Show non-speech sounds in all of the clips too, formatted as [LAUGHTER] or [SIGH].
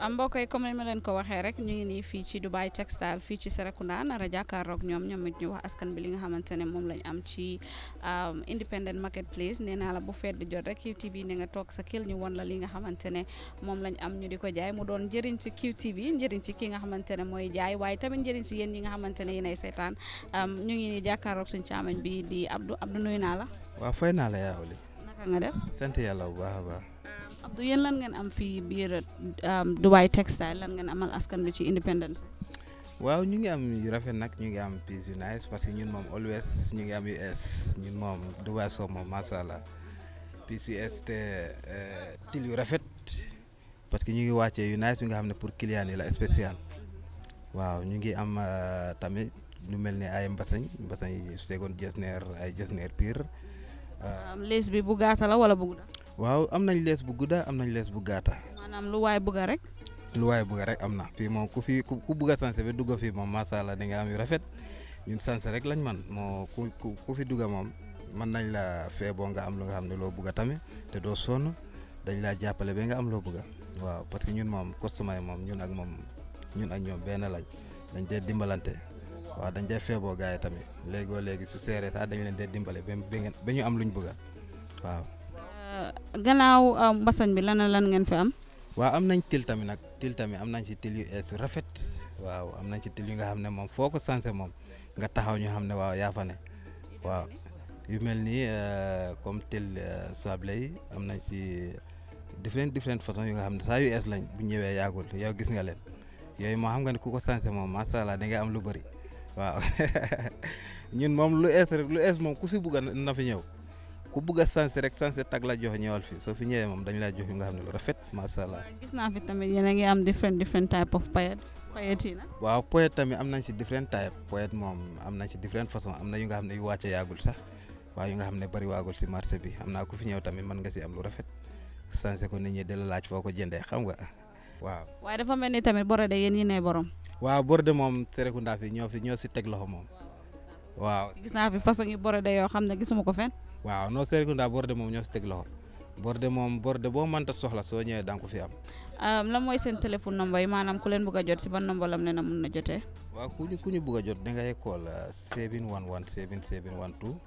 am mbokk yi comme ni ma leen ko waxee rek ñu ngi nii fii ci Dubai Textile fii ci Serekunda nar a jàkkaarloog ñoom ñoom it ñu wax askan bi li nga xamante ne moom lañ am ci um, independent market place nee naa la bu fedd jot rek QTV ne nga toog sa kil ñu won la li nga xamante ne moom lañ am ñu di ko jaay mu doon njëriñ ci QTV njëriñ ci ki nga xamante ne mooy jaay waaye tamit njëriñ si yéen ñi nga xamante ne yéenay seytaan um, ñu ngi nii jàkkaarloog suñu caaman bi di Abdou Abdou nuyu naa la. waaw fay naa la yaa naka nga def. sant yàlla bu baax a baax Abdou yéen lan ngeen am fii biir um, Dubai Textile lan ngeen amal askan bi ci independent waaw ñu ngi am rafet nag ñu ngi am piis yu nice parce que ñun moom always ñu ngi am US ñun moom Dubai soo moom macha allah piis yu US til yu rafet parce que ñu ngi wàccee yu nice nga xam ne pour client yi la spécial waaw ñu ngi am eh, tamit lu mel ne ay mbasañ mbasañ seconde jesner ay jesner pire. Eh. Um, lees bi bu gaata la wala bu waaw am nañ lees bu gudda am nañ lees bu gaata. maanaam lu waay bugga rek. lu waay bëgg rek am na fii moom ku fi ku bëgg a sanse ba dugga fii moom macha allah di nga am yu rafet ñun sanse rek lañ man moo ku ku fi dugg moom mën nañ la feeboo nga am lu nga xam ne loo bëgg a tamit te doo sonn dañ laa jàppale ba nga am loo bëgg a waaw parce que ñun moom customer yi moom ñun ak moom ñun ak ñoom benn lañ dañ dee dimbalante waaw dañ dee feeboo gars yi tamit léegoo léegi su seeree sax dañ leen dee dimbale ba ba ñu am luñ bëgg waaw. gannaaw euh, mbasañ bi lan lan ngeen fi am. waaw am nañ til tamit nag til tamit am nañ ci til yu ees rafet waaw am nañ ci til yu nga xam ne moom foo ko sensé moom nga taxaw ñu xam ne waaw yaa ne waaw yu mel nii euh, comme til euh, sable yi am nañ ci différent différent façon yu nga xam ne saa yu ees lañ bu ñëwee yaagul yow gis nga leen yooyu moo xam nga ne ku ko sensé moom macha allah da ngay am lu bëri waaw [LAUGHS] ñun moom lu ees rek lu ees moom ku si bugg na fi ñëw. ku bugg a sensé rek sensé tag la jox ñëwal fi soo fi ñëwee moom dañ laa jox yu nga xam ne lu rafet macha na. waaw paillettes tamit am nañ si different type paillettes moom am na yu nga xam ne yu wàcce yaagul sax waaye yu nga xam ne bari waagul si marché bi am naa ku fi ñëw tamit mën nga si am lu rafet sensé ko nit ñi de la laaj foo ko jëndee xam nga waaw. waaye dafa mel ni tamit borode yéen ñi ne borom. waaw borode moom Serekunda fi ñoo fi ñoo si teg la moom. waaw gis naa fi façon yi borode yoo xam ne ko fenn waaw noo non Serekunda borde moom ñoo si teg loxo borde moom borde boo mënta soxla soo ñëwee danga ko fi am. lan mooy seen téléphone number yi maanaam ku leen bëgg a jot si ban number lam leen a mun na jotee. waaw ku ñu ku ñu bëgg a jot da ngay call 711 7712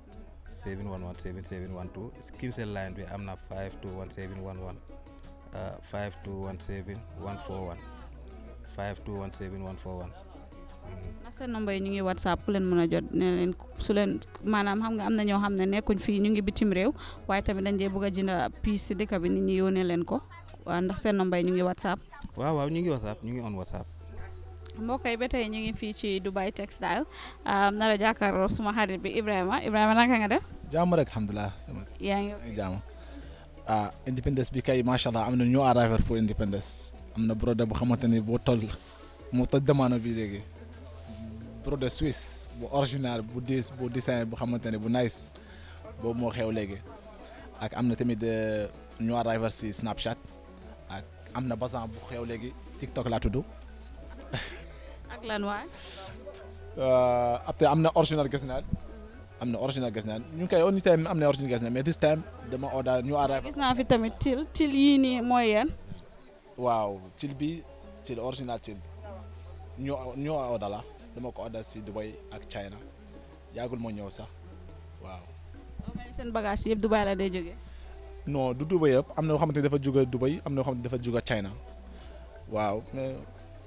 711 7712 Qcell line bi am na 5217111 5217141 5217141. ndax seen yi ñu ngi whatsapp ku leen mën a jot ne leen maanaam xam nga am na ñoo xam ne nekkuñ fii ñu ngi bitim réew waaye tamit dañ dee bëgg a jënd piis si dëkk bi ni ñi yónnee leen ko ndax seen nombre ñu ngi whatsapp waaw waaw ñu ngi whatsapp ñu ngi on whatsapp mbokk yi ba tey ñu ngi fii ci Dubai Textile nar a jàkkaarloo suma xarit bi Ibrahima Ibrahima naka nga def jàmm rek alhamdulilah yaa ngi jàmm ah bi kay macha allah am na ñu arrivé pour indépendance am na brode bu xamante ni boo toll mu toj demande bi broderie suisse bu original bu diis bu design bu xamante ne bu nice boobu moo xew léegi ak am na tamit ñu euh, arrivé si Snapchat ak am na bazan bu xew léegi TikTok laa tudd. ak lan waay. Euh, après am na original gis naa am na original gis naa ñu ngi koy on time am na original gis mais this time dama order ñu arrivé. tamit til til yii nii mooy waaw til bi til original til ñu ñu order la. dama ko order si Dubai ak China yàggul ma ñëw sax waaw. Dubai la day jógee. non du Dubai yëpp am na yoo xamante ni dafa jóge Dubai am na yoo dafa jóge China waaw mais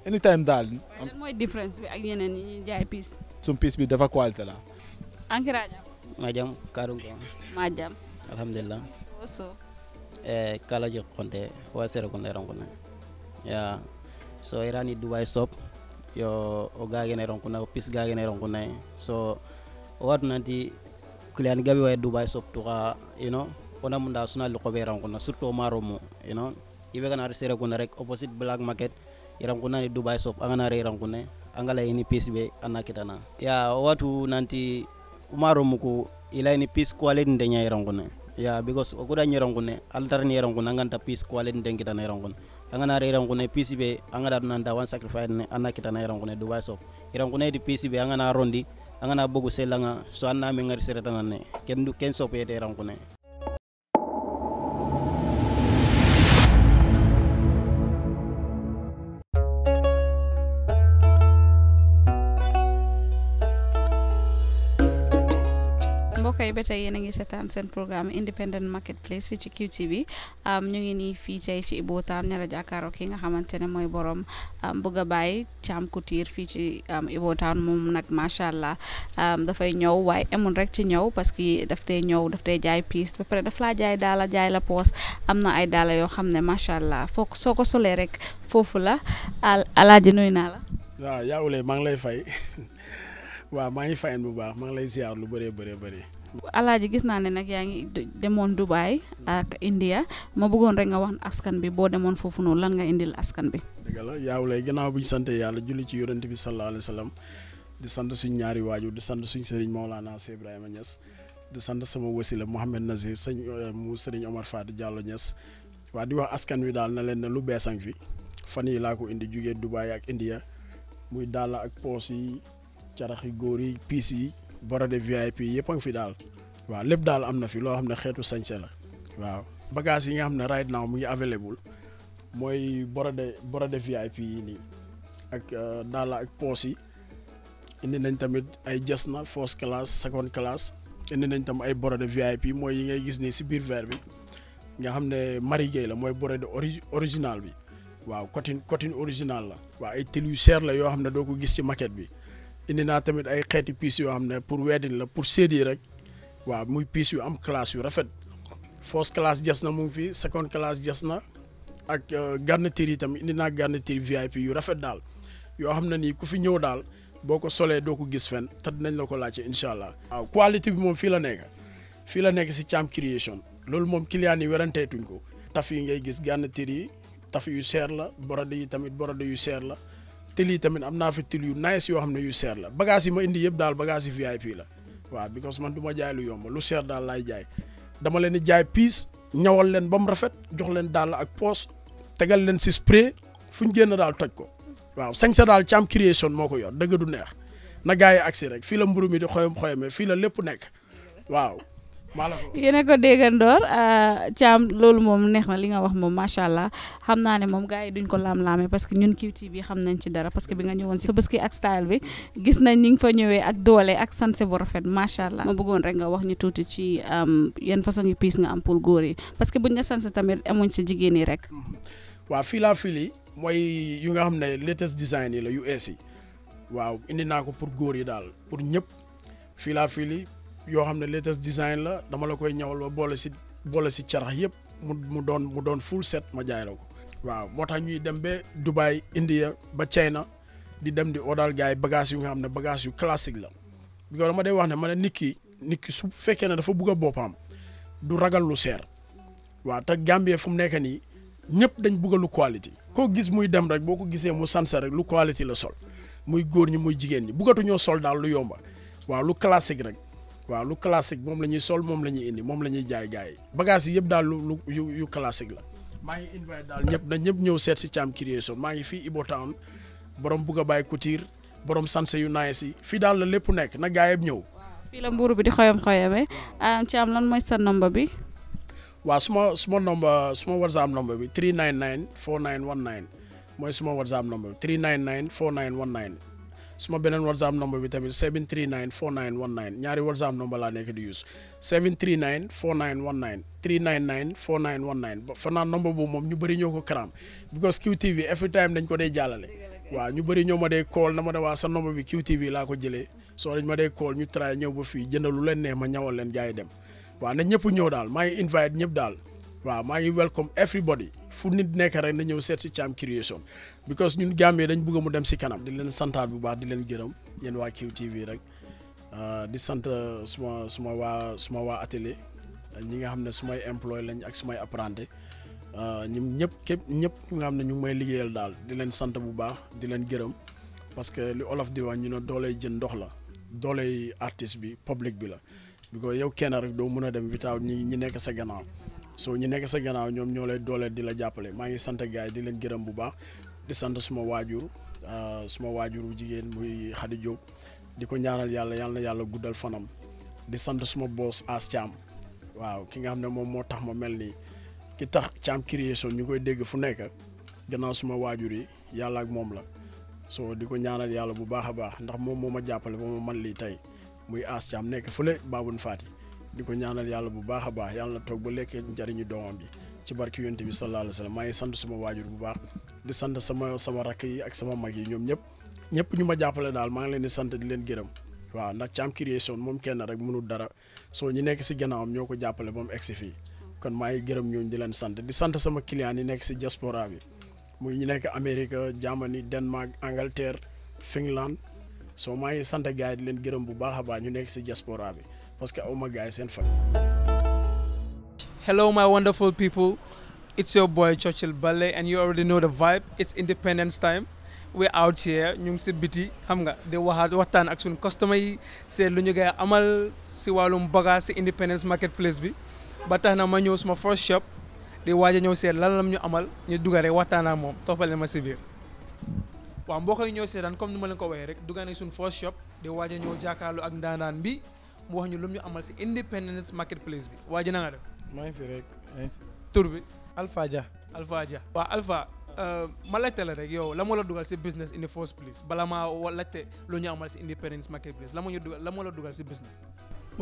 anytime daal. mooy différence bi ak yeneen yi ñuy piis. suñu piis bi dafa qualité la. ankara jam. ma jam kaarum ko. ma jam. alhamdulilah. oso. Eh, kala jo konte wa sere konte ran konte. Dubai stop. yo o gagene ronkuna o pis gagene ronkuna so o watu nanti kiliyani gabi waye dubai soptuxa you know ona munda suna lukobe ronkuna surtout o maromu you know ibe kana sere kuna rek opposite black market irankuna ni dubai sop angana re irankune angala ini pis be anakitana ya o watu nanti umaromu muku ila ini pis quality ndenya irankune ya because okuda nyeronkune altar ni irankune anganta pis quality ndenkitana irankune angana re iran kune pisi be angada dunan da one sacrifice ne anna kita na iran kune dubai so iran kune di pisi be angana rondi angana bogu selanga so anna me ngari sere ne ken du ken so pe de iran kune pete tey yéen a ngi seetaan seen programme independent market place fii ci bi ñu ngi nii fii tey ci Ibo Town ñara jàkkaaroo ki nga xamante ne mooy borom bëgg a bàyyi Cham Couture fii ci Ibo Town moom nag macha allah dafay ñëw waaye amul rek ci ñëw parce que daf tey ñëw daf tey jaay piis ba pare daf laa jaay daala jaay la poos am na ay daala yoo xam ne macha allah foo soo ko solee rek foofu la alaaji nuyu naa la. waaw yaa ngi lay maa lay fay [LAUGHS] waaw maa ngi fayin bu baax maa lay ziar lu bëree bëree bëri. alaaji gis naa ne nag yaa ngi Dubai ak India ma bëggoon rek nga wax askan bi boo demoon foofu noonu lan nga indil askan bi. dëgg la yaaw lay gannaaw bu sante yàlla julli ci yonent bi sallallahu alayhi wa di sant suñ ñaari waajur di sant suñ sëriñ Maolana Cheikh Ibrahima Niass di sant sama wasila Nazir sëñ euh, mu sëriñ Omar Fadi Diallo Niass waa di wax askan wi daal na leen ne lu beesang fi fan yi ko indi jugee Dubai ak India muy daal ak poos yi carax yi góor borode VIP yëpp ngi fi daal waaw lépp daal am na fi loo xam ne xeetu sañse la waaw bagage yi nga xam ne right now mu ngi available mooy borode borode VIP yi nii ak euh, daala ak poos yi indi nañ tamit ay jës na first class second class indi nañ tam ay borode VIP mooy yi ngay gis ni si biir verre bi nga xam ne marigay la mooy borode original bi waaw cotine cotine original la waaw ay til yu seer la yoo xam ne doo ko gis ci maquette bi indi naa tamit ay xeeti pièces yoo xam ne pour wedding la pour séedee rek waaw muy pièces yu am classe yu rafet first class jas na mu ngi fi second class jas na ak euh, garniture yi tamit indi naa garniture VIP yu rafet daal yoo xam ne nii ku fi ñëw daal boo ko solee doo ko gis fen te dinañ la ko laajte incha allah. waaw qualité bi moom fii la nekk fii la nekk si Cham Creation loolu moom client yi weranteetuñ ko taf yi ngay gis garniture yi taf yu seer la borode yi tamit borode yu seer la. til yi tamit am naa fi til yu nice yoo xam ne yu seer la bagage yi ma indi yëpp daal bagage yi VIP la waaw because man du ma jaay lu yomb lu seer daal laay jaay dama leen di jaay piis ñawal leen ba mu rafet jox leen daal ak poos tegal leen si spray fu ñu génn daal toj ko waaw sañsa daal Thiam Creation moo ko yor dëgg du neex na gars yi agsi rek fii la mburu mi di xoyam xoyame fii la lépp nekk waaw yéena ko déggandoor euh, Thiam loolu moom neex na li nga wax moom macha allah xam naa ne moom gars yi duñ ko laam-laame parce que ñun QTV xam nañ ci dara parce que bi nga ñëwoon si ak style bi gis nañ ni nga fa ñëwee ak doole ak sanse bu rafet macha allah ma bëggoon rek nga wax ñu tuuti ci euh, yan façon yi piis nga am pour góor yi parce que buñ ne sanse tamit amuñ si jigéen yi rek mm-hmm. waaw fila fili mooy yu nga xam ne latest design yi la US yi waaw indi naa ko pour góor yi daal pour ñëpp fila fili yoo xam ne latest design la dama la koy ñawal ba boole si boole si carax yëpp mu mu doon mu doon full set ma jaay la ko. waaw moo tax ñuy dem ba Dubai India ba China di dem di odal gars yi bagages yu nga xam ne bagages yu classique la bi ko dama day wax ne ma ne nit ki nit ki su fekkee ne dafa bugg a boppam du ragal lu seer waaw te Gambie fu mu nekk nii ñëpp dañ bugg lu quality. koo gis muy dem rek boo ko gisee mu sanse rek lu quality la sol muy góor ñi muy jigéen ñi buggatuñoo sol daal lu yomba waaw lu rek. waaw lu classique moom la ñuy sol moom la ñuy indi moom la ñuy jaay gaay yi yi yëpp daal lu lu yu yu classique la maa ngi invite daal ñëpp na ñëpp ñëw seet si Cham Creation maa ngi fii Ibo Town borom bugg a bàyyi couture borom sanse yu naay si fii daal la lépp nekk na gaay yëpp ñëw. fii la mbuuru bi di xoyam xoyame Cham lan mooy sa nomba bi. waaw suma suma nomba suma whatsapp nomba bi 399 4919 mooy suma whatsapp nomba bi 399 4919. suma beneen whatsapp number bi tamit 739 4919 ñaari whatsapp number laa nekk di use 739 4919 399 4919 ba fanaa number boobu moom ñu bëri ñoo ko cram because QTV every time dañ ko dee jàllale waa ñu bëri ñoo ma dee call na ma ne waa sa number bi QTV laa ko jëlee soo dañ ma dee call ñu try ñëw ba fii jëndalu lu leen neex ma ñawal leen jaay dem waaw na ñëpp ñëw daal maa ngi invite ñëpp daal waaw maa ngi welcome everybody fu nit nekk rek na ñëw seet si Thiam Creation because ñun Gambie dañ bëgg mu dem si kanam. di leen santaat bu baax di leen gërëm yéen waa QTV rek ah, di sant suma suma waa suma waa atelier ñi nga xam ne sumay employé lañ ak sumay apprenti ah, ñun ñëpp képp ñëpp nga xam ne ñu ngi may liggéeyal daal di leen sant bu baax di leen gërëm parce que li olof di wax ñu ne dooley jën ndox la dooley artiste bi public bi la. bi ko yow kenn rek doo mën a dem vitaaw ñi ñi nekk sa gannaaw so ñu nekk sa gannaaw ñoom ñoo lay dooleel di la jàppale maa ngi sant gaay di leen gërëm bu baax di sant suma waajur ah, suma waajuru jigéen muy Khady jóg di ko ñaanal yàlla yàlla yàlla guddal fanam di sant suma boss As Thiam waaw ki nga xam ne moom moo tax ma mel nii ki tax Thiam Creation ñu koy dégg fu nekk gannaaw suma waajur yi yàlla ak moom la soo di ko ñaanal yàlla bu baax a baax ndax moom moo ma jàppale ba ma man lii tey muy As Thiam nekk fële Babou Fati di ko ñaanal yàlla bu baax baax yàlla na toog ba lekkee njariñu doomam bi ci barki yonte bi sallallahu alayhi wa maa ngi sant suma waajur bu baax di sant sama sama rakk yi ak sama mag yi ñoom ñëpp ñëpp ñu ma jàppale daal maa ngi leen di sant di leen gërëm waa ndax Thiam Création moom kenn rek mënul dara soo ñu nekk si gannaawam ñoo ko jàppale ba mu si fii kon maa ngi gërëm ñooñu di leen sant di sant sama client yi nekk si diaspora bi muy ñu nekk Amérique Germany Denmark Angleterre Finland soo maa ngi sant gars di leen gërëm bu baax a baax ñu nekk si diaspora bi parce que aw gars yi seen fan. Hello, my wonderful people. It's your boy Churchill Ballet, and you already know the vibe. It's independence time. we're out here ñu ngi si biti xam nga di waxaat waxtaan ak suñu customer yi seet lu ñu gay amal si wàllum bagage si independence marketplace bi ba tax na ma ñëw suma first shop di waaj a ñëw seet lan lam ñu amal ñu dugaree waxtaan ak moom toppale ma si biir waaw ñëw seetaan comme ni ma leen ko waxee rek duga ne suñu first waaj a ak ndaandaan bi mu wax ñu lu ñu amal si Independence Marketplace bi waa ji na nga def. maa ngi fi rek. tur bi. Alpha Dia. Alpha Dia waa Alpha. Euh, ma laajte la rek yow la moo la dugal si business in the first place bala maa wa laajte lu ñu amal si Independence Marketplace la ñu dugal la moo la dugal si business.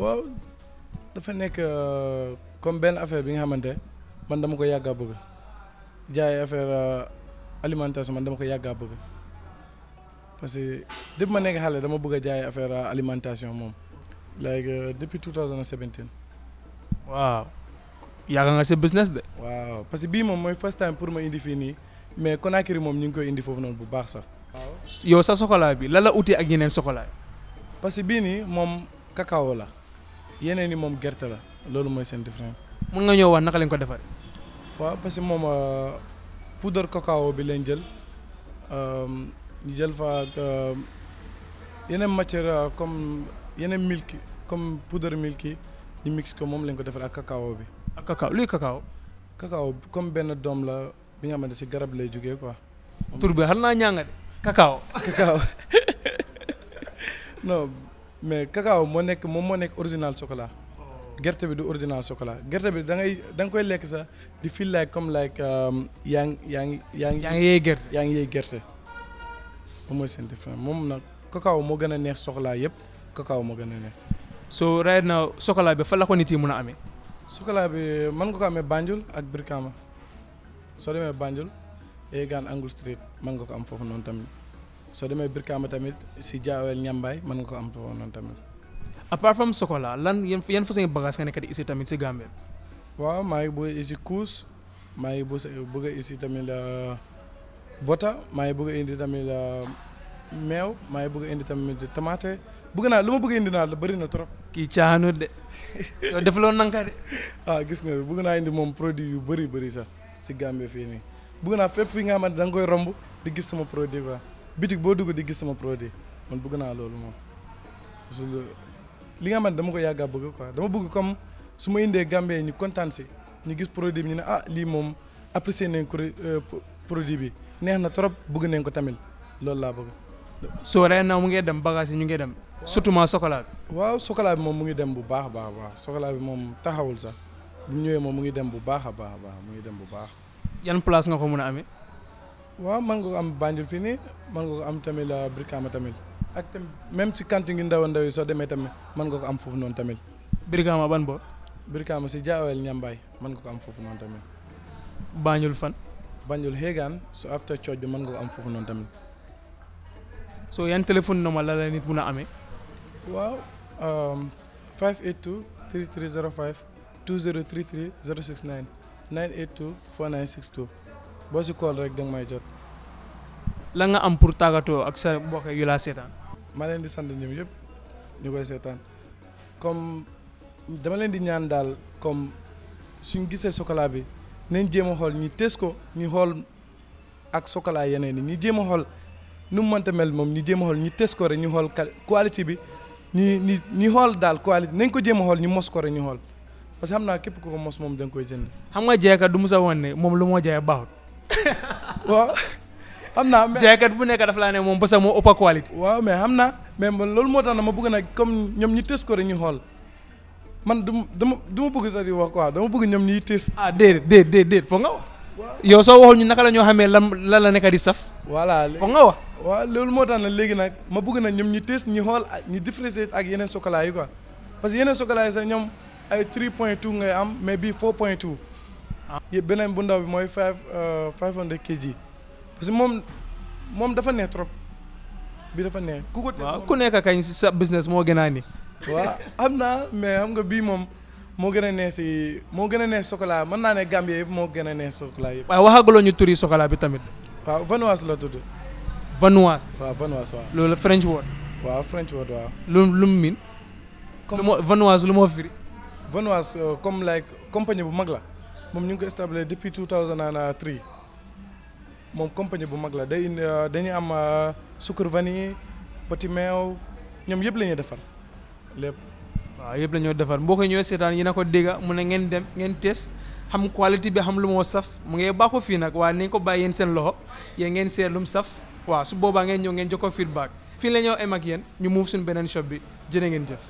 waaw dafa nekk euh, comme benn affaire bi nga xamante man dama ko yàgg a bëgg jaay affaire euh, alimentation man dama ko yàgg a bëgg parce que depuis ma nekk xale dama bëgg a jaay affaire alimentation moom. like uh, depuis 2017. waaw. yàgg nga sa business de. waaw parce que bii moom mooy first time pour ma indi fii nii mais Conakry moom ñu ngi koy indi foofu noonu bu baax sax. waaw yow sa chocolat bi lan la utee ak yeneen chocolat parce que bii nii moom cacao la yeneen yi moom gerte la loolu mooy seen différence. mun nga ñëw wax naka lañ ko defar waaw parce que moom euh, poudre cacao bi lañ jël euh, ñu jël fa euh, yeneen matière comme. yeneen milk comme poudre milk yi ñu mix ko moom lañ ko defal ak cacao bi. ak cacao luy cacao. cacao comme benn doom la bi nga xamante si garab lay jógee ko tur bi xam naa ñaanga de cacao. [LAUGHS] cacao moo nekk moom moo nekk original chocolat. Oh. gerte bi du original chocolat gerte bi da ngay da koy lekk sax di feel like comme like um, yaa ngi yaa ngi yaa ngi. yaa ngi yëy gerte yaa ngi yëy gerte. moom mooy seen différence moom nag cacao moo gën a neex soxlaa yëpp. cacao moo gën a ne so right now chocolat bi fa la ko nit yi mën a amee chocolat bi mën nga ko amee Banjul ak Brikama soo demee Banjul Egan Angle Street mën nga ko am foofu noonu tamit soo demee Brikama tamit si jaawel ñambaay mën nga ko am foofu noonu tamit à from chocolat lan yan yan façon bagage nga nekk di ici tamit si Gambie waaw maa ngi bëgg ici kuus maa ngi bëgg ici tamit uh, bota maa ngi bëgg indi tamit uh, meew maa ngi bëgg indi bëgg naa lu ma bëgg indi naa la bëri na trop. kii caaxaanut de yow defuloo nanka de. ah gis nga bëgg naa indi moom produit yu bëri bëri sax si Gambie fii nii bëgg naa fépp fi nga xamante da koy romb di gis sama produit quoi boutique boo dugg di gis sama produit man bëgg naa loolu moom. parce que li nga xamante dama ko yàgg bëgg quoi dama bëgg comme su ma indee Gambie ñu kontaan si ñu gis produit bi ñu ne ah lii moom apprécier nañ ko euh, produit bi neex na trop bëgg nañ ko tamit loolu laa bëgg. soo rey na mu ngi dem bagage yi ñu ngi dem. surtout maa Sokola bi. waaw Sokola bi moom mu ngi dem bu baax a baax a baax Sokola bi moom taxawul sax bu ñëwee moom mu ngi dem bu baax a baax baax mu ngi dem bu baax. yan place nga ko mën a amee. waaw mën nga ko am Banjul fii nii mën nga ko am tamit euh, ak tamit même si kantin gi ndaw ndaw soo demee tamit mën ko am foofu noonu tamit. Brikama ban bo Brikama si jaawel ñambaay mën nga ko am foofu noonu tamit. Banjul fan. Banjul Hegan su after cooj bi mën nga ko am foofu noonu tamit. soo yan téléphone normal la la nit mun a amee. waaw 582 3305 2033 069 982 4962 boo si call rek danga nga may jot. lan nga am pour tàggatoo ak sa mbokk yu laa seetaan. ma leen di sant ñoom yëpp ñu koy seetaan comme dama leen di ñaan daal comme suñ gisee chocolat bi nañ jéem a xool ñu tes ko ñu xool ak chocolat yeneen yi ñu jéem a xool nu mu mënta mel moom ñu jéem a ñu tes ko rek ñu xool qualité bi. ñi ñi ñi xool daal qualité nañ ko jéem a xool ñu mos ko rek ñu xool parce que xam naa képp ku ko mos moom da koy jënd. xam nga jaaykat du mos a woon ne moom lu moo jaay baaxut. [LAUGHS] waaw xam naa. mais jaaykat bu nekk daf laa ne moom ba sax moo ëpp qualité. waaw mais xam naa mais man loolu moo tax na ma bëgg nag comme ñoom ñu tës ko rek ñu xool man du dama du bëgg sax di wax quoi dama bëgg ñoom ñuy tës. ah déedéet déedéet déedéet foog nga wax. yow soo waxul ñu naka la ñoo xamee lan lan la nekk di saf. voilà foog nga wax. waaw loolu moo tax nag léegi nag ma bugg na ñoom ñu test ñu xool ñu différencier ak yeneen chocolat yi quoi parce que yeneen chocolat yi sax ñoom ay 3 point 2 ngay am mais bii 4 point 2. beneen bu ndaw bi mooy 5 500 kg parce que moom moom dafa neex trop bi dafa neex. ku ko test waaw ku nekk kañ si sa business moo gën a ni waa am naa mais xam nga bii moom moo gën a neex si moo gën a neex chocolat mën naa ne Gambie yëpp moo gën a neex chocolat yëpp. waaw ñu turi chocolat bi tamit. waaw Vanoise la tudd. vanoise. waaw vanoise waaw. loolu French word. waaw French word waaw. lu lu miin. comme lu ma vanoise lu ma firi. vanoise euh, comme like compagnie bu mag la moom ñu ngi ko établi depuis 2003 moom compagnie bu mag la day indi euh, am euh, sucre vanille petit meew ñoom yëpp la ñuy defar lépp. waaw yëpp la ñoo defar mboo ko ñëwee seetaan yi na ko dégga mu ne ngeen dem ngeen test xam qualité bi xam lu moo saf mu ngee baax ko fii nag waaye nañ ko bàyyi yéen seen loxo yéen ngeen seet lu mu saf. waaw su boobaa ngeen ñëw ngeen jokkoo feedback fii la ñoo em ak yéen ñu muuf suñu beneen shop bi jërë ngeen jëf.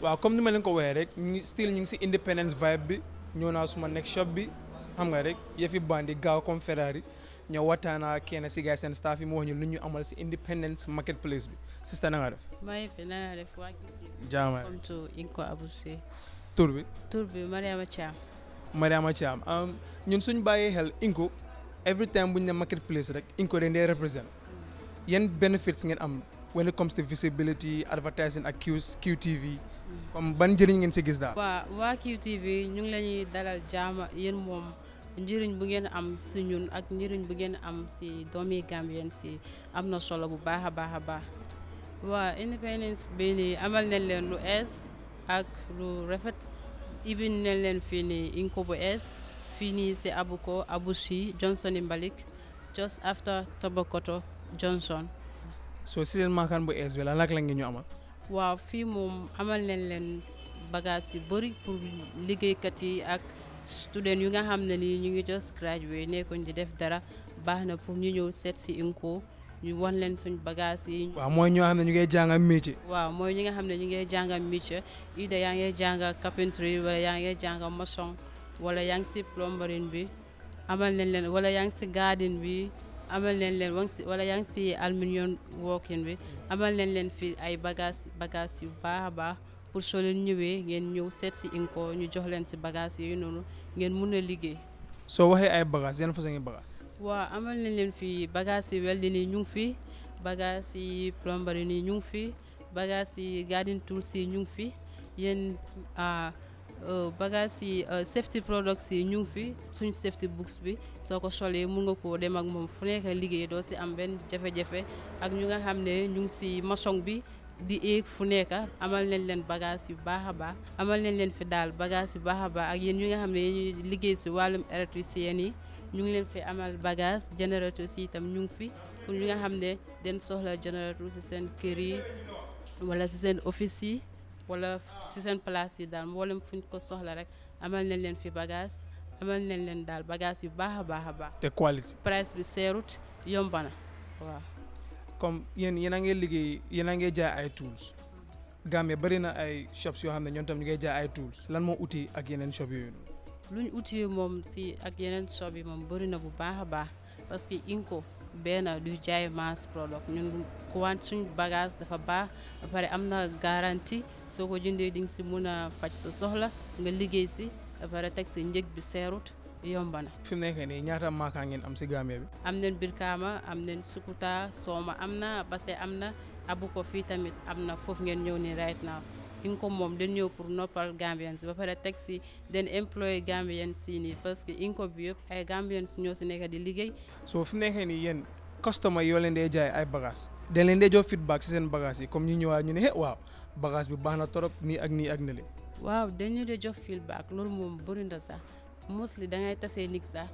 waaw comme ni ma leen ko waxee rek ñu still ñu ngi si independence vibe bi ñëw naa suma nekk shop bi xam nga rek yëfi bandi gaaw comme Ferrari ñoo waxtaana kenn si gars staff yi mu wax ñu lu amal si independence market place bi sista na def. maa fi na def waa jaama comme to Inko Abuse. tur bi tur Mariama Thiam. Mariama ñun suñ bàyyee xel Inko every time bu ñu ne market place rek Inko dañ dee represent mm. yan benefits ngeen am when it comes to visibility advertising ak Q QTV. Mm. comme ban njëriñ ngeen si gis daal. waaw waa QTV ñu ngi dalal jaama yéen moom. njëriñ bu ngeen am si ñun ak njëriñ bu ngeen am si doomi Gambien si am na solo bu baax a baax a baax waa independence bii nii amal nañ leen lu ees ak lu rafet ibin nañ leen fi nii inko bu ees fii nii si Abuko Abushi Johnson Mbalik just after Tobokoto Johnson soo si leen maakaan bu ees bi lan lak la ngeen ñu amal waaw fii moom amal nañ leen bagage yu bëri pour liggéeykat yi ak student yu nga xam ne nii ñu ngi just graduate nekkuñ di def dara baax na pour ñu ñëw seet si INCO ñu wan leen suñ bagage yi. waaw mooy ñoo xam ñu ngi jàngal métier. waaw mooy ñi nga xam ne ñu ngi jàngal métier ida yaa ngi jàngal carpentry wala yaa ngi jàngal maçon wala yaa ngi si plomberie bi amal leen leen wala yaa ngi si garden bi amal leen leen wala yaa ngi si aluminium working bi amal leen leen fii ay bagage bagage yu baax baax. pour soo leen ñëwee ngeen ñëw seet si INCO ñu jox leen si bagages yooyu noonu ngeen mun a liggéey. soo waxee ay bagages yan façon bagages. waaw amal nañ leen fi bagages yi weld nii ñu ngi fi bagages yi plomberie nii ñu ngi fi bagages yi garden tools yi ñu ngi fi yéen ah, euh, bagages yi euh, safety products yi ñu ngi fi suñ safety books bi soo ko solee mun nga koo dem ak moom fu nekk liggéey doo si am benn jafe-jafe ak ñu nga xam ne ñu ngi si maçon bi. di éeg fu nekk amal nañ leen bagage yu baax a baax amal nañ leen fi daal bagage yu baax baax ak yéen ñi nga xam ne yéen ñuy liggéey si wàllum électricien yi ñu ngi leen fi amal bagage générateur si itam ñu ngi fi pour ñi nga xam ne den soxla générateur si seen kër yi wala si seen office yi wala si seen place yi daal mboolem fuñ ko soxla rek amal nañ leen fi bagage amal nañ leen daal bagage yu baax a baax a baax. te qualité. price bi seerut yomb na waaw. comme yéen yéen a ngi liggéey yéen a ngi jaay ay tools Gambia bëri na ay shops yoo xam ne ñoom tam ñu ngay jaay ay tools lan moo uti ak yeneen shop yooyu noonu. luñ uti moom si ak yeneen shop yi moom bëri na bu baax a baax parce que Inco benn du jaay mass product ñun kuwant suñ bagage dafa baax ba am na garantie soo ko jëndee di nga si mun a faj sa soxla nga liggéey si ba pare teg si njëg bi seerut. yomb na. fi mu nekk nii ñaata maakaa ngeen am si Gambia bi. am nañ Birkama am nañ Sukuta Sooma am na Basse am na abu ko fii tamit am na foofu ngeen ñëw nii right now income moom dañ ñëw pour noppal Gambians ba pare teg si den employé Gambians si nii parce que income bi yëpp ay Gambians ñoo si nekk di liggéey. soo fi mu nekk nii yéen customer yoo leen dee jaay ay bagages. dañ leen dee jox feedback si seen bagages yi comme ñu ñëwaat ñu ne he waaw bagage bi baax na trop nii ak nii ak nële. waaw dañu dee jox feedback loolu moom bëri mosli da ngay tasee nit sax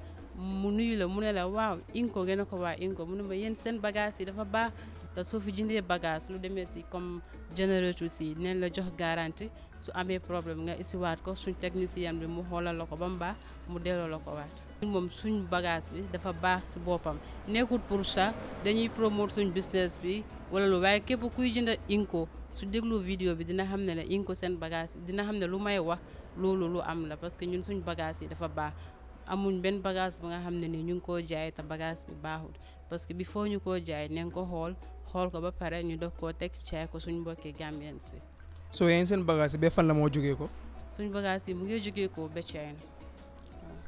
mu nuyu la mu ne la waaw inko gën ne ko waa inko mu ne ma yéen seen bagage yi dafa baax te soo fi jëndee bagage lu demee si comme générateur si neen la jox garantie su amee problème nga isiwaat ko suñ technicien bi mu xoolal la ko ba mu baax mu delloo la ko waat. moom suñ bagage bi dafa baax si boppam nekkul pour sax dañuy promouvoir suñ business bi wala lu waaye képp kuy jënd inko su déglu vidéo bi dina xam ne la inko seen bagage dina xam ne lu may wax. loolu lu am la parce que ñun suñ bagage yi dafa baax amuñ benn bagage bu nga xam ne ni ñu ngi koo jaay te bagage bi baaxul parce que bi foo ñu koo jaay nañ ko xool xool ko ba pare ñu dog koo teg jaay ko suñ mbokki Gambien si. soo yéen seen bagage yi ba fan la moo jógee ko. suñ bagage yi mu ngi jógee ko ba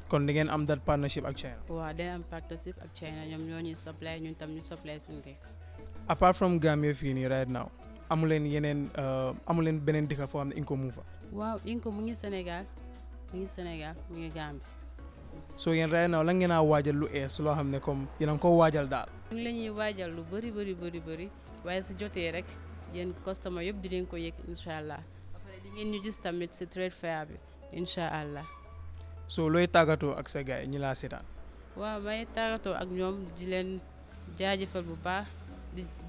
kon da ngeen am dat partnership ak China. waaw dañ am partnership ak ñoom ñoo ñuy supply ñun tam ñu supply suñu dëkk. apart from Gambia fii nii right now amu leen yeneen uh, amu leen beneen dëkk foo xam ne in ko mu fa. waaw Inco mu ngi mu ngi Sénégal mu ngi Gambie. soo yéen right now lan ngeen waajal lu ees loo xam ne comme yéen a ko waajal daal. ñu la ñuy waajal lu bari bëri bëri bëri waaye si jotee rek yéen customer yëpp di leen ko yëg incha allah ba di ngeen ñu gis tamit si trade fair looy tàggatoo ak sa ñi yi ñu laa seetaan. waaw may tàggatoo ak ñoom di leen jaajëfal bu baax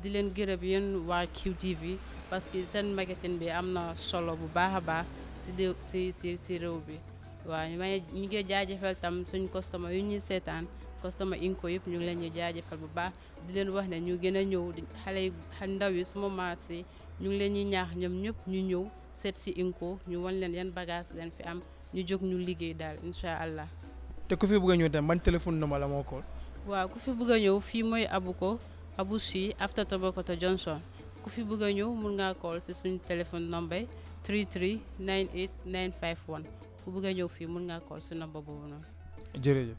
di leen gërëb yéen waa QTV. parce que seen magasin bi am na solo bu baax a baax si si si si réew bi waaw ñu may ñu ngi jaajëfal tam suñ customer yu ñuy seetaan customer inco yëpp ñu ngi leen di jaajëfal bu baax di leen wax ne ñu gën a ñëw xale yi ndaw yi suma maat si ñu ngi leen ñuy ñaax ñoom ñëpp ñu ñëw seet si inco ñu wan leen yan bagage leen fi am ñu jóg ñu liggéey daal incha allah. te ku fi bëgg a ñëw tam man téléphone numéro la moo ko. waaw ku fi bëgg a ñëw mooy Abuko Abushi after Tobokoto Johnson. Kufi fi bëgg a ñëw mun ngaa call si suñu téléphone number three three nine eight nine five one. 98 951 ku bëgg ñëw fii mun ngaa call si number boobu noonu. jërëjëf.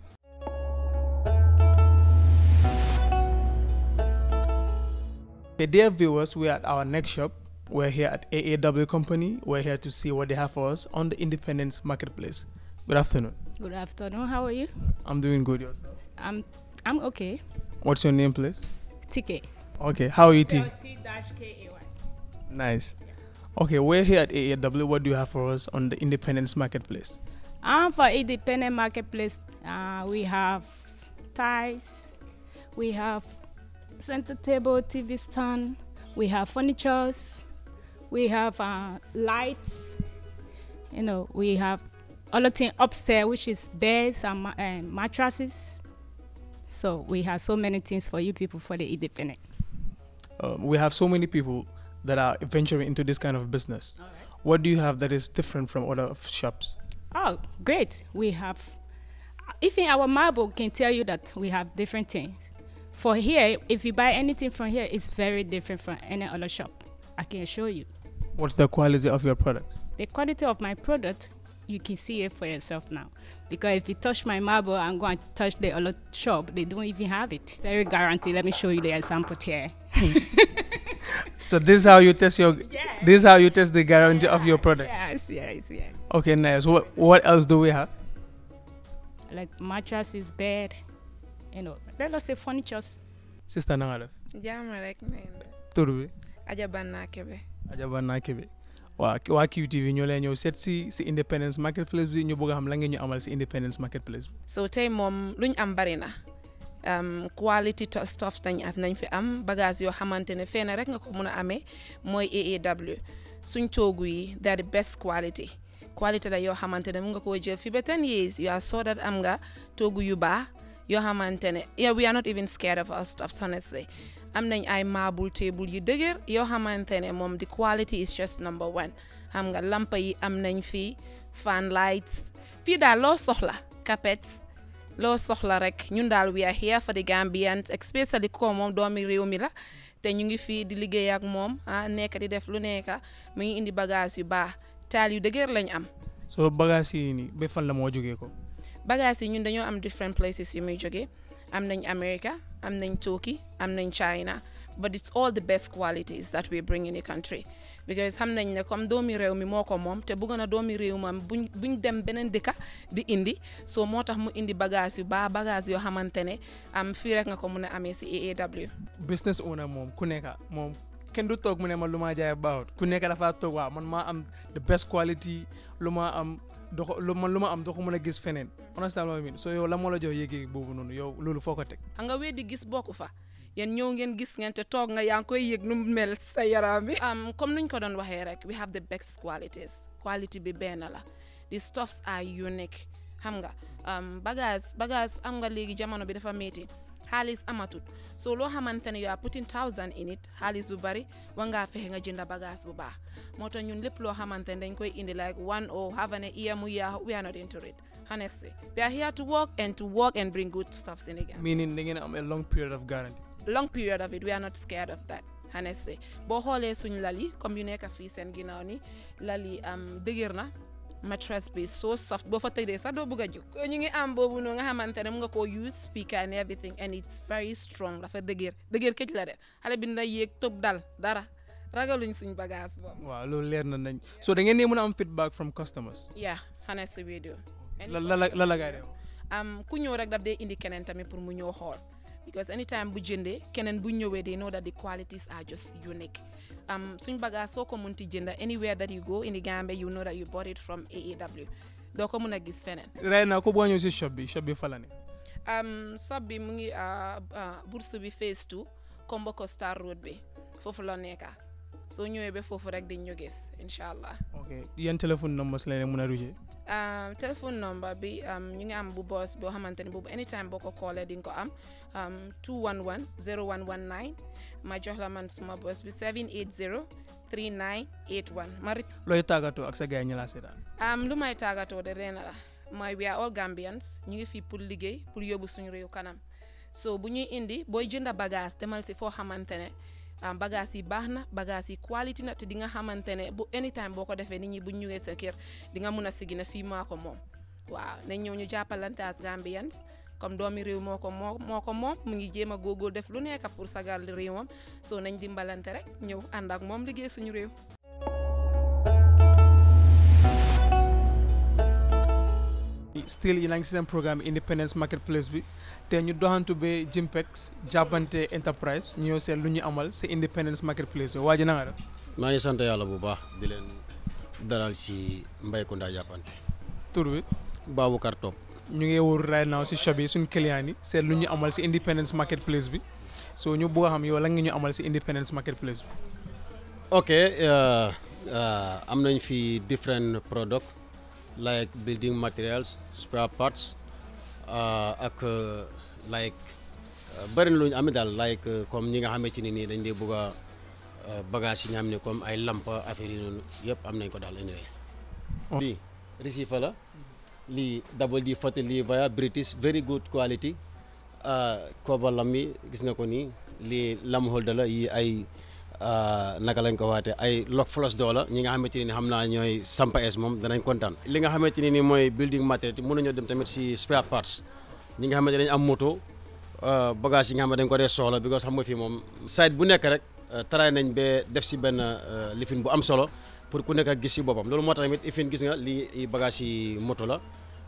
Hey dear viewers, we are at our next shop. We're here at AAW Company. We're here to see what they have for us on the Independence Marketplace. Good afternoon. Good afternoon. How are you? I'm doing good. Yourself? I'm I'm okay. What's your name, please? TK. Okay, how are you? T-K-A-Y. Nice. Okay, we're here at AAW. What do you have for us on the Independence Marketplace? Um, for Independent Marketplace, uh, we have ties, we have center table, TV stand, we have furnitures, we have uh, lights, you know, we have all the things upstairs, which is beds and uh, mattresses. So we have so many things for you people for the independent um, we have so many people that are venturing into this kind of business. What do you have that is different from other shops? Oh, great. We have, even our marble can tell you that we have different things. For here, if you buy anything from here, it's very different from any other shop. I can assure you. What's the quality of your product? The quality of my product, you can see it for yourself now. Because if you touch my marble and go and touch the other shop, they don't even have it. Very guaranteed. Let me show you the example here. [LAUGHS] so this is how you test your yes. this guarantee of your product. Yes, nice. What else do we have? Like mattresses, bed, you know. Let us say furnitures. Sister na nga def. Jaama rek neen. Tur bi. Adja Banna Kebe. waa waa QTV ñoo leen ñëw seet si si Independence Marketplace bi ñu bëgg a xam la ngeen ñu amal si Independence Marketplace bi. so tey moom lu am bari na. Um, quality stuff nañ af nañ fi am bagage yoo xamante ne fenn rek nga ko mun a amee mooy AAW suñ toogu yi they are the best quality quality la yoo xamante ne mun nga koo jël fi ba ten years you are so that am nga toogu yu baax yoo xamante ne yeah we are not even scared of our stuff honestly am nañ ay marble table yu dëgër yoo xamante mom. the quality is just number one xam nga lampa yi am nañ fi fan lights fii daal loo soxla carpets loo soxla rek ñun daal we are here for the Gambians especially ko moom doomi réew mi la te ñu ngi fii di liggéey ak moom ah nekk di def lu nekk mu ngi indi bagage yu baax taal yu dëgër lañ am. so bagage yi nii ba fan la moo jógee ko. bagage yi ñun dañoo am different places yu muy jógee am nañ America am nañ Turkey am nañ China but it's all the best qualities that we bring in the country. because xam nañ ne comme doomi réew mi moo ko moom te bëgg na doomi réew moom buñ buñ dem beneen dëkka di indi soo moo tax mu indi bagage yu baa bagage yoo xamante ne am fii rek nga ko mun a amee si EAW. business owner moom ku nekk moom kenn du toog mu ne ma lu maa jaay baaxut ku nekk dafa toog waaw man maa am the best quality lu maa am dox lu man lu ma am doxu mën a gis feneen understand what I mean so yow la moo la jox yéegi boobu noonu yow loolu foo ko teg. xam nga di gis bokku fa. yéen ñëw ngeen gis ngeen te toog nga yaa ngi koy yëg nu mel sa yaram bi. comme nuñ ko doon waxee rek we have the best qualities quality bi benn la the stuffs are unique xam nga bagage bagage am nga léegi jamono bi dafa métti xaalis amatut so loo xamante ne you are putting thousand in it xaalis bu bari wa ngaa fexe nga jënda bagage bu baax moo tax ñun lépp loo xamante ne dañ koy indi like one or have an year mu yaa we are not into it honestly we are here to work and to work and bring good long period of it we are not scared of that honestly boo xoolee suñ lal yi comme yu nekk fii seen ginnaaw ni lal yi am dëgër na mattress bi soo soft boo fa tëddee sax doo bëgg a jóg so ñu ngi am boobu noonu nga xamante ne mu nga koo use speaker and everything and it's very dafa dëgër dëgër këj la def na yéeg tëb dal dara ragaluñ suñ bagage boobu waaw loolu leer na nañ so da ngeen mun mën a am feedback from customers yeah honestly we do la la la la ku ñëw rek daf dee indi keneen tamit pour mu ñëw xool because anytime bu jëndee keneen bu ñëwee they know that the qualities are just unique um, suñ bagage soo ko munti jënda anywhere that you go in the Gambia you know that you bought it from AAW doo ko mun a gis feneen. rey naa ko boo ñëw si shop bi shop bi falane um, shop bi mu ngi uh, uh, bourse bi phase two Kombo Costa Road bi foofu la nekka soo ñëwee ba foofu rek di ñu gis incha allah. ok yan téléphone numbers la leen mën a rujee. Um, téléphone number bi um, ñu ngi am bu boos boo xamante ne boobu anytime boo ko koolee di nga ko am 211 um, 0119 ma jox la man suma boos bi 780 3981 ma. looy tàggatoo ak sa gars yi ñu laa seetaan. lu may tàggatoo de reen la mooy we are all Gambians ñu ngi fii pour liggéey pour yóbbu suñ réew kanam so bu ñuy indi booy jënd bagage bagage yi baax na bagage yi quality na te di nga xamante ne bu anytime boo ko defee ni ñi bu ñëwee sa kër di nga mun a sigi na fii maa ko moom waaw nañ ñëw ñu jàppalante as Gambians comme doomi réew moo ko moo moo ko moom mu ngi jéem a góorgóorlu def lu nekk pour sagal réewam soo nañ dimbalante rek ñëw ànd ak moom liggéey suñu réew. still yi ngi program seen programme independence marketplace bi té ñu doxantu be Jimpex jabanté enterprise ñu yossé lu ñu amal si independence marketplace waji na nga def. ma ngi sante yalla bu baax di leen dalal si Mbaykounda jàppante. tur bi. Baboucar Top. ñu ngi wour right now si shop yi suñu client yi seet lu ñu amal si independence marketplace bi so ñu bu a xam yo la ngi ñu amal si independence marketplace bi. ok euh, euh amnañ fi different product like building materials spare parts uh, ak like uh, bëri lu ñu amee daal like uh, comme ñi nga xamante ni nii dañ dee bëgg a bagage yi ñu am ne comme ay lampa affaire yi noonu yëpp am nañ ko daal anyway oh. lii recifa la lii double di fati lii via British very good quality kooba lam yi gis nga ko nii lii lam holder la yi ay Eh, naka lañ ko waté ay lok flos do la ñi nga xamanteni ni xamna ñoy sampa es mom danañ kontan li nga xamanteni ni moy building matériel mën ñu dem tamit si spare parts ñi nga xamanteni dañ am moto eh, bagage yi nga xamanteni dañ ko dee soxla because xam nga fi mom site bu nekk rek eh, taray nañ be def ci ben lifin bu am solo pour ku nekk ak gis ci bopam lolu moo tamit ifin gis nga li bagage yi moto la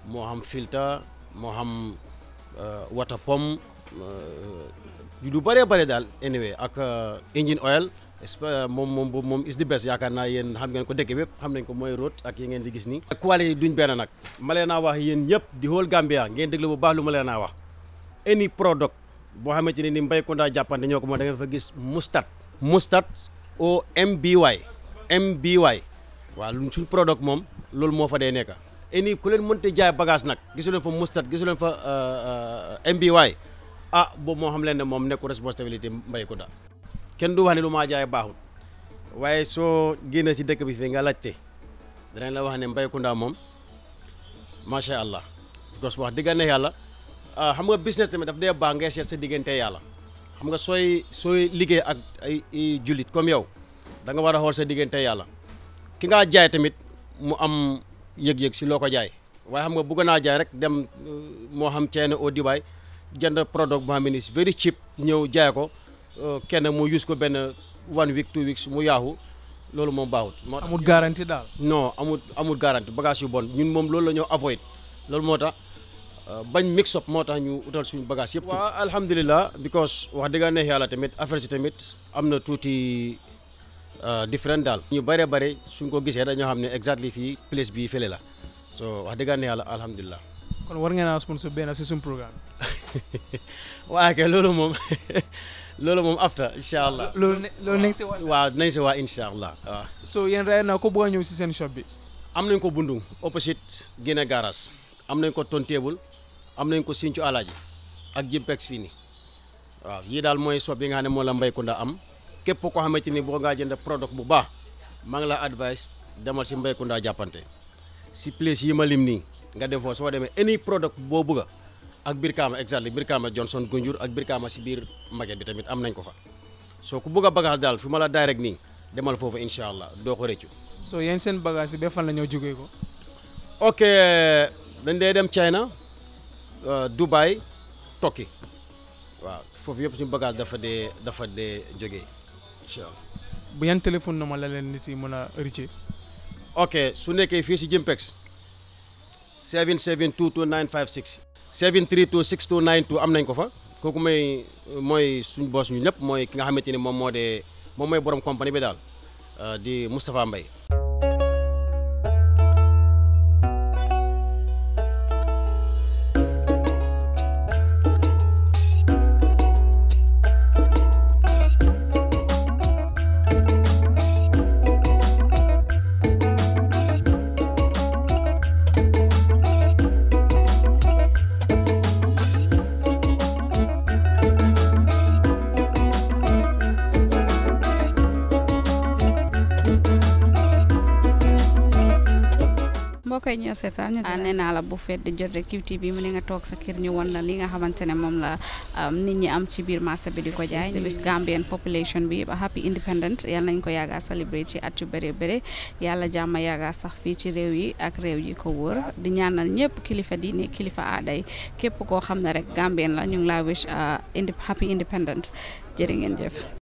moo xam filtre moo xam water pompe du bare bare dal anyway ak engine oil moom moom eh, mom moom is di bes yaakaar naa yéen xam ngeen ko dëkk bépp xam nañ ko mooy route ak yi ngeen di gis nii kuwaale duñ benn nag ma wax yéen ñëpp di whole Gambia ngeen déglu bu baax lu ma leen wax any product boo xamante ne ni Mbaykounda jàppante ñoo ko moom da ngeen fa gis mustard mustard o MBY MBY waaw lu suñ product moom loolu moo fa dee nekk any ku leen mënte jaay bagage nak, gisu leen fa mustard gisu leen fa eh, eh, MBY ah boobu moo xam leen ne moom nekku responsabilité Mbaykounda kenn du wax ne lu maa jaay baaxul waaye soo génnee si dëkk bi fii nga laajte dana la wax ne Mbay Kunda moom macha allah parce que wax dëgg yàlla ah, xam nga business tamit daf dee baax ngay seet sa diggante yàlla xam nga sooy sooy liggéey ak ay jullit comme yow da nga war a xool sa diggante yàlla ki ngaa jaay tamit mu am yëg-yëg si loo ko jaay waaye xam nga bugga naa jaay rek dem eh, moo xam Chine au Dubai jënd product boo xam ne is very cheap ñëw jaay ko. Euh, kenn mu use ko benn one week two weeks mu yaaxu loolu moom baaxut. moo tax amul garantie daal. non amul amul garantie bagage yu bon ñun moom loolu la ñoo avoid loolu moo tax euh, bañ mix moo tax ñu utal suñu bagage yëpp. waaw alhamdulilah because wax dëgg yàlla tamit affaire si tamit am na tuuti euh, différent daal. ñu bare bare suñ ko gisee dañoo xam ne exactly fii place bii fële la so wax dëgg yàlla alhamdulilah. kon war si suñu programme. [LAUGHS] moom. [LAUGHS] loolu moom afta incha allah. loolu ne loolu nañ si waa. waaw nañ si waa incha allah waaw. so yéen rey na ko boo ñëw si seen shop bi. am nañ ko Bundung opposite génne Garas am nañ ko Tontebul am nañ ko Sinthiou Alaaji ak Jimpex fii ni waaw yii daal mooy shop yi nga xam ne moo la Mbaye Kounda am képp koo xamante ni boo ngaa jënd produit bu baax maa la advice demal si Mbaye Kounda jàppante si place yi ma lim nii nga defoo soo demee any produit boo bëgga ak Birkama exactly Birkama Johnson Gunjur ak Birkama si biir maget bi tamit am nañ ko fa soo ku bëgg a daal fi ma la direct nii demal foofu incha allah doo ko rëccu. soo yéen seen bagage yi ba fan lañoo ñoo jógee ko. ok dañ dee dem China euh, Dubai Tokki waaw foofu yëpp suñu bagage dafa dee dafa dee jógee bu yan téléphone na ma la leen nit yi mën a rëcce. ok su nekkee fii si Jimpex 77 229 56. 7326292 am nañ ko fa kooku mooy mooy suñu boos ñu ñëpp mooy ki nga xamante ne moom moo de moom mooy boroom compagnie bi daal di Moustapha mbay koy ñëw seetaan nee naa la bu fet di jot rek QTV mu ne nga toog sa kër ñu won la li nga xamante ne moom la nit ñi am ci biir marché bi di ko jaay bis Gambian population bi ba happy independent yàlla nañ ko yaaga celebrate ci at yu bëre bëre yàlla jàmm yaaga sax fii ci réew yi ak réew yi ko wër di ñaanal ñëpp kilifa diine kilifa aaday képp koo xam ne rek gambeen la ñu ngi laa wish ah, happy independent jëri ngeen jëf